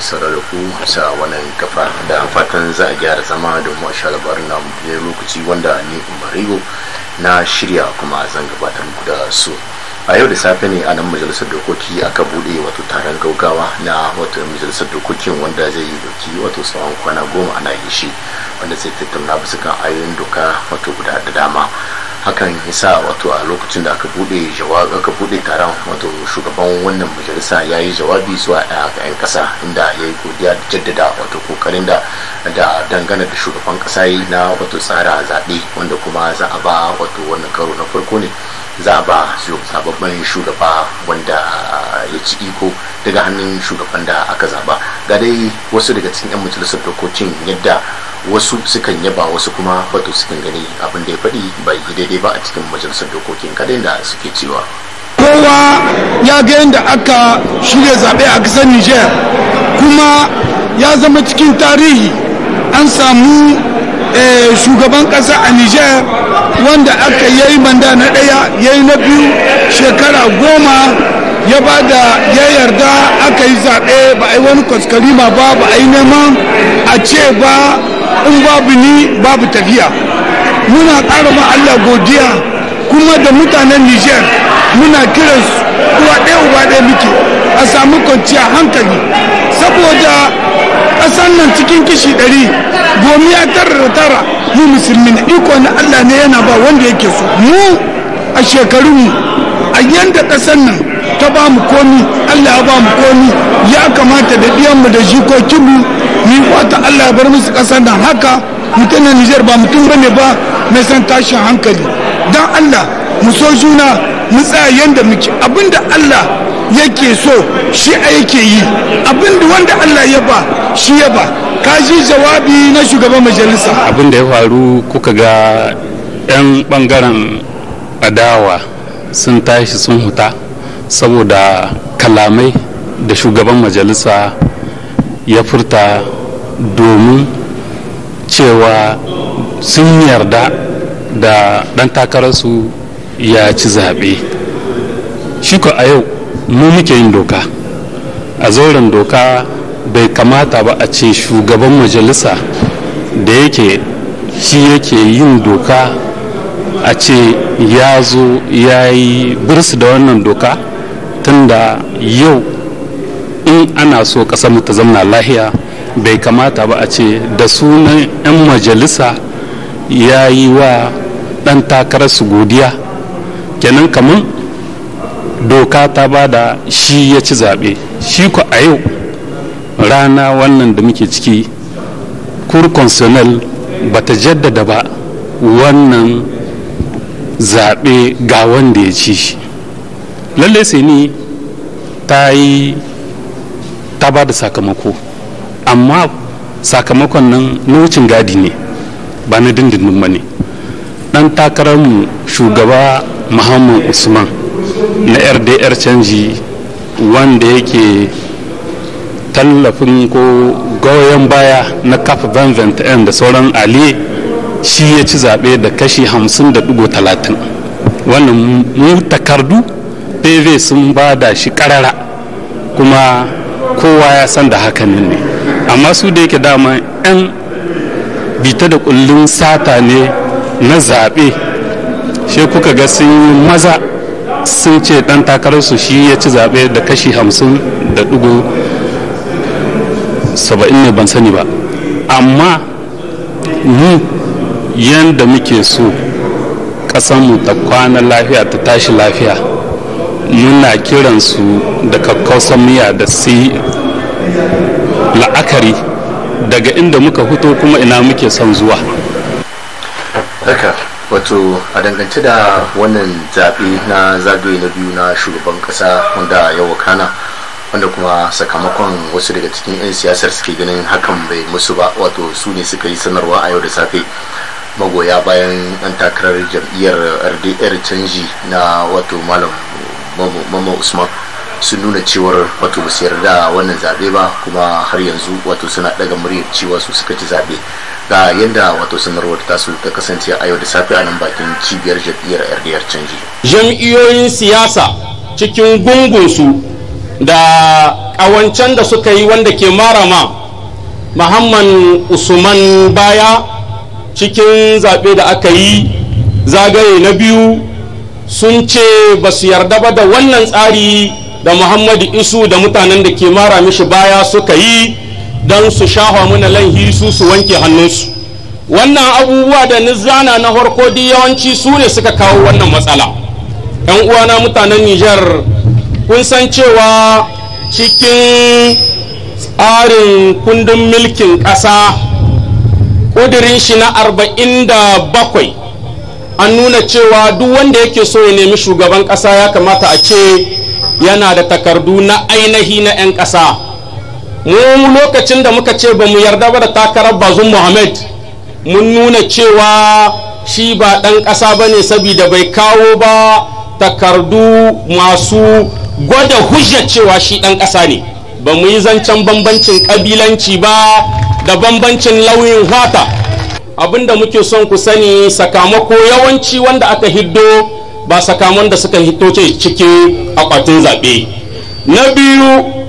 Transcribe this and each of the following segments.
sarari ku sa wannan kafa da fatan za a gyara zama da mu sha labarin na ne lokaci wanda ni umarigo na shirya kuma zan gabatar muku da su a yau da safe ne a nan majalisar dokoki aka bude wato taron gaugawa na wato majalisar dokokin wanda zai yi doki wato tsawon kwana goma ana yi shi wanda zai tattauna bisa kan ayoyin doka wato guda da dama hakan yasa wato a lokacin da aka bude jawabi aka bude taron wato shugaban wannan majalisa ya yi jawabi zuwa eh, yan kasa inda ya yi godiya da jaddada wato kokarin da da dangane da shugaban kasa yi na wato tsara zaɓe wanda kuma za a ba wato wannan karo na farko ne za a ba zababben shugaba wanda ya ci iko daga hannun shugaban da aka zaba ga dai wasu daga cikin 'yan majalisar dokokin yadda wasu sukan yaba wasu kuma wato sukan gani abin da ya faɗi bai yi daidai ba a cikin majalisar dokokin kada da suke cewa kowa ya ga yadda aka shirya zaɓe a ƙasar niger kuma ya zama cikin tarihi an samu eh, shugaban ƙasa a niger wanda aka yayi manda na ɗaya yayi na biyu shekara goma ya ba da ya yarda aka yi zaɓe ba a yi wani kwaskari ba ba a yi neman a ce ba in babu ni babu tafiya muna ƙara ma Allah godiya kuma da mutanen Nijar muna kiran su uba ɗaya muke a samu kwanciya hankali saboda ƙasar nan cikin kishi ɗari gomi ya tara tara mu musulmi na iko na Allah ne yana ba wanda yake so mu a shekaru mu a yanda ƙasar nan ta ba mu komi Allah ya ba mu komi ya kamata da mu da jikokinmu ni wata Allah ya bar musu kasan da haka mutum na Nijar ba mutum bane ba mai san tashin hankali dan Allah mu so juna mu tsaya yanda muke abinda Allah yake so shi a yake yi abinda wanda Allah ya ba shi ya ba ka ji jawabi na shugaban majalisa abinda ya faru kuka ga yan bangaren adawa sun tashi sun huta saboda kalamai da shugaban majalisa ya furta domin cewa sun yarda da ɗan takararsu ya ci zaɓe shi ko a yau mu muke yin doka a zauren doka bai kamata ba a ce shugaban majalisa da yake shi yake yin doka a ce ya zo ya yi birsu da wannan doka tunda yau in ana so ƙasar mu ta zamna lahiya bai kamata ba a ce da sunan 'yan majalisa ya yi wa ɗan takarar su godiya kenan kamar doka ta ba da shi ya ci zaɓe shi ku a yau rana wannan da muke ciki kur konsonel ba ta jaddada ba wannan zaɓe ga wanda ya ci shi lallai sai ni ta yi ta ba da sakamako amma sakamakon nan na gadi ne ba na dindindin ba ne ɗan takararmu shugaba muhammad usman na rdr canji wanda yake tallafin ko goyon baya na kafa n da sauran ali shi ya ci zaɓe da kashi 50.30 wannan mu takardu pv sun ba da shi ƙarara kuma kowa ya san da hakanin ne amma su da yake dama 'yan bita da kullun sata ne na zaɓe shi kuka ga sun yi maza sun ce ɗan takararsu shi ya ci zaɓe da kashi hamsin da ɗigo saba'in ne ban sani ba amma mu yadda muke so ƙasanmu ta kwana lafiya ta tashi lafiya muna kiransu da kakkausan miya da si la'akari daga inda muka fito kuma ina muke son zuwa haka wato a dangance da wannan zaɓe na zagaye na biyu na shugaban ƙasa wanda ya wakana wanda kuma sakamakon wasu daga cikin 'yan siyasar suke ganin hakan bai musu ba wato su ne suka yi sanarwa a yau da safe magoya bayan 'yan takarar jam'iyyar rdr canji na wato malam usman sun nuna cewar wato ba su yarda wannan zabe ba kuma har yanzu wato suna daga muryar cewa su suka ci zabe ga yadda wato sanarwar tasu ta kasance a yau da safe a nan bakin cibiyar jam'iyyar rdr canji jam'iyyoyin siyasa cikin gungunsu da ƙawancen da suka yi wanda ke marama muhammad usman baya cikin zaɓe da aka yi zagaye na biyu sun ce ba su yarda ba da wannan tsari da muhammadu isu da mutanen da ke mara mishi baya suka yi don su shafa mana lanhi su su wanke hannunsu wannan abubuwa da nizana na harko di yawanci su ne suka kawo wannan matsala yan uwana mutanen nijar kun san cewa cikin tsarin kundin milkin ƙasa ƙudurin shi na arba'in da bakwai an nuna cewa duk wanda yake so ya nemi shugaban kasa ya kamata a ce yana da takardu na ainihi na 'yan kasa mu lokacin da muka ce ba mu yarda ba da takarar bazum muhammad mun nuna cewa shi ba ɗan ƙasa ba ne saboda bai kawo ba takardu masu gwada hujjar cewa shi ɗan ƙasa ne ba mu yi zancen bambancin ƙabilanci ba da bambancin lauyin fata Abin da muke son ku sani sakamako yawanci wanda aka hiddo ba sakamon da suka hito ce a akwatin zaɓe na biyu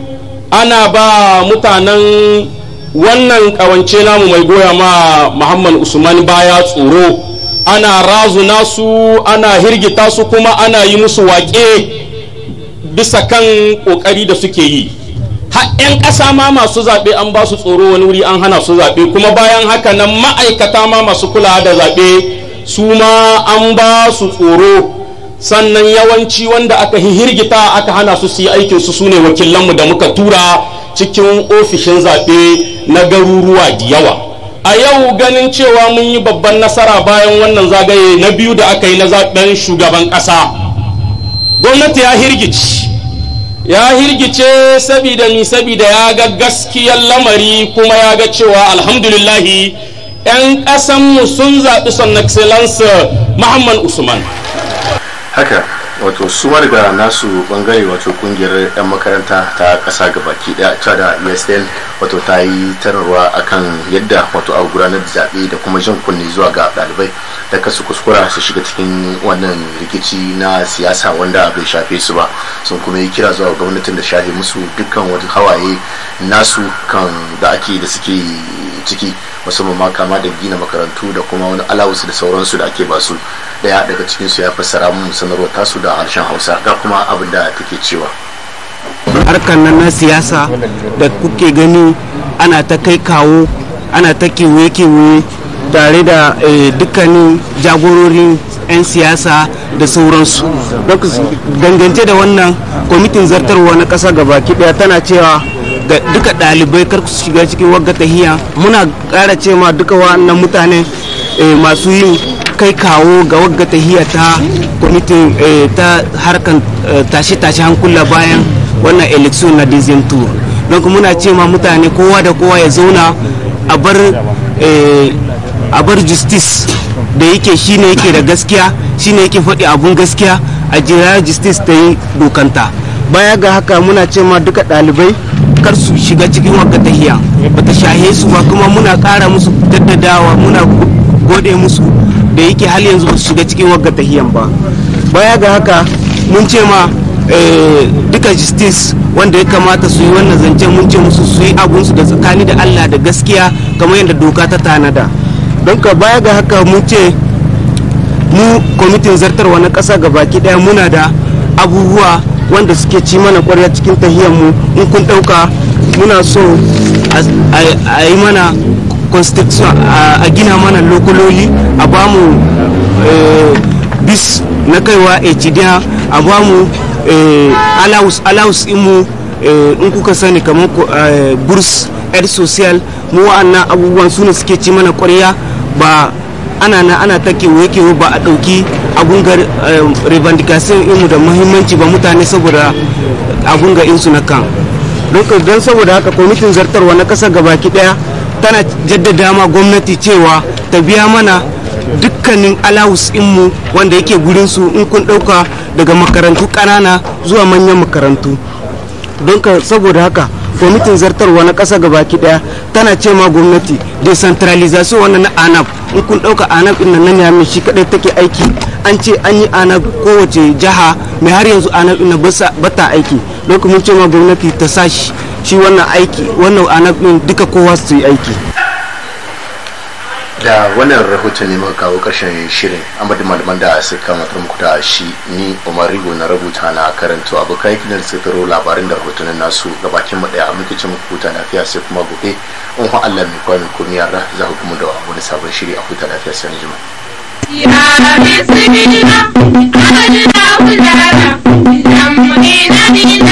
ana ba mutanen wannan ƙawance namu mai goya ma muhammad usman baya tsoro ana razuna su ana hirgita su kuma ana yi musu waƙe bisa kan ƙoƙari da suke yi har 'yan ƙasa ma masu zaɓe an ba su tsoro wani wuri an hana su zaɓe kuma bayan haka nan ma'aikata ma masu kulawa da zaɓe su ma an ba su tsoro sannan yawanci wanda aka hirgita aka hana su su yi aikin su sune wakilanmu da muka tura cikin ofishin zaɓe na garuruwa da yawa a yau ganin cewa mun yi babban nasara bayan wannan zagaye na biyu da aka yi na zaɓen shugaban ƙasa gwamnati ya hirgici ya hirgice sabida ni sabida ya ga gaskiyar lamari kuma ya ga cewa alhamdulillahi 'yan ƙasanmu sun zaɓi son excellence muhammad usman haka wato su wani da nasu bangare wato kungiyar 'yan makaranta ta kasa gabaki daya ta da usn e wato ta yi a akan yadda wato a gudanar da zaɓe da kuma jin kunne zuwa ga ɗalibai da kasu kuskura su shiga cikin wannan rikici na siyasa wanda bai shafe su ba sun kuma yi kira zuwa gwamnatin da shafe musu dukkan wata hawaye nasu kan da ake da suke ke ciki musamman ma kama da gina makarantu da kuma wani alawus da sauransu da ake basu daya daga cikin su ya fassara mun sanarwar tasu da harshen hausa ga kuma abin da take cewa harkar nan na siyasa da kuke gani ana ta kai kawo ana ta kewaye-kewaye tare da eh, dukkanin jagororin 'yan siyasa da sauransu dangance da wannan kwamitin zartarwa na ƙasa gaba daya tana cewa da duka ɗalibai kar su shiga cikin wagga tahiya muna ƙara ce ma duka mutane eh, masu yin kai kawo ga wagga tahiya ta kwamitin eh, ta harkan eh, tashe-tashe hankula bayan wannan election na dizin tour don muna ce ma mutane kowa da kowa ya zauna a bar a bar justice da yake shine yake da gaskiya shine yake faɗi abun gaskiya a jira justice ta yi dokanta baya ga haka muna ce ma duka ɗalibai kar su shiga cikin wagga tahiya ba ta shahe su ba kuma muna kara musu daddadawa muna gode musu da yake hal yanzu ba su shiga cikin wagga tahiyan ba baya ga haka mun ce ma eh, duka justice wanda ya kamata su yi wannan zance mun ce musu su yi abunsu da tsakani da allah da gaskiya kamar yadda doka ta tanada don ka baya ga haka mun ce mu kwamitin zartarwa na ga baki daya muna da abubuwa wanda suke ci mana kwarya cikin mu in kun ɗauka muna so a yi mana constitution a gina mana lokuloli a bamu eh, bis na kaiwa cidiya a bamu eh, allowance imu eh, in kuka sani kamar burs air social mu wa'annan abubuwan su ne suke ci mana kwarya ba ana na ana ta kewaye kewa ba a ɗauki a ga eh, revendication imu da muhimmanci ba mutane saboda a insu na kan don saboda haka kwamitin zartarwa na kasa gabaki daya tana jaddada ma gwamnati cewa ta biya mana dukkanin alawus inmu wanda yake gurinsu in kun ɗauka daga makarantu kanana zuwa manyan makarantu don ka saboda haka kwamitin zartarwa na ƙasa ki daya tana ce ma gwamnati decentralization wannan na anab in kun ɗauka anab ina nan na mai shi kaɗai take aiki an ce an yi anab kowace jiha mai har yanzu anab ina ba ta aiki don mun ce ma gwamnati ta sa shi wannan aiki wannan anab ɗin duka kowa su yi aiki. da wannan rahoton ne muka kawo karshen shirin amadu malaman da saka kama muku da shi ni umar rigo na rubuta na karanto abokan yakin da suka taro labarin da rahotonin nasu gabakin mu daya muke muku huta lafiya sai kuma gobe in ha allah mai kwami komi yara za ku kuma da wani sabon shiri a huta lafiya sai jima. Ya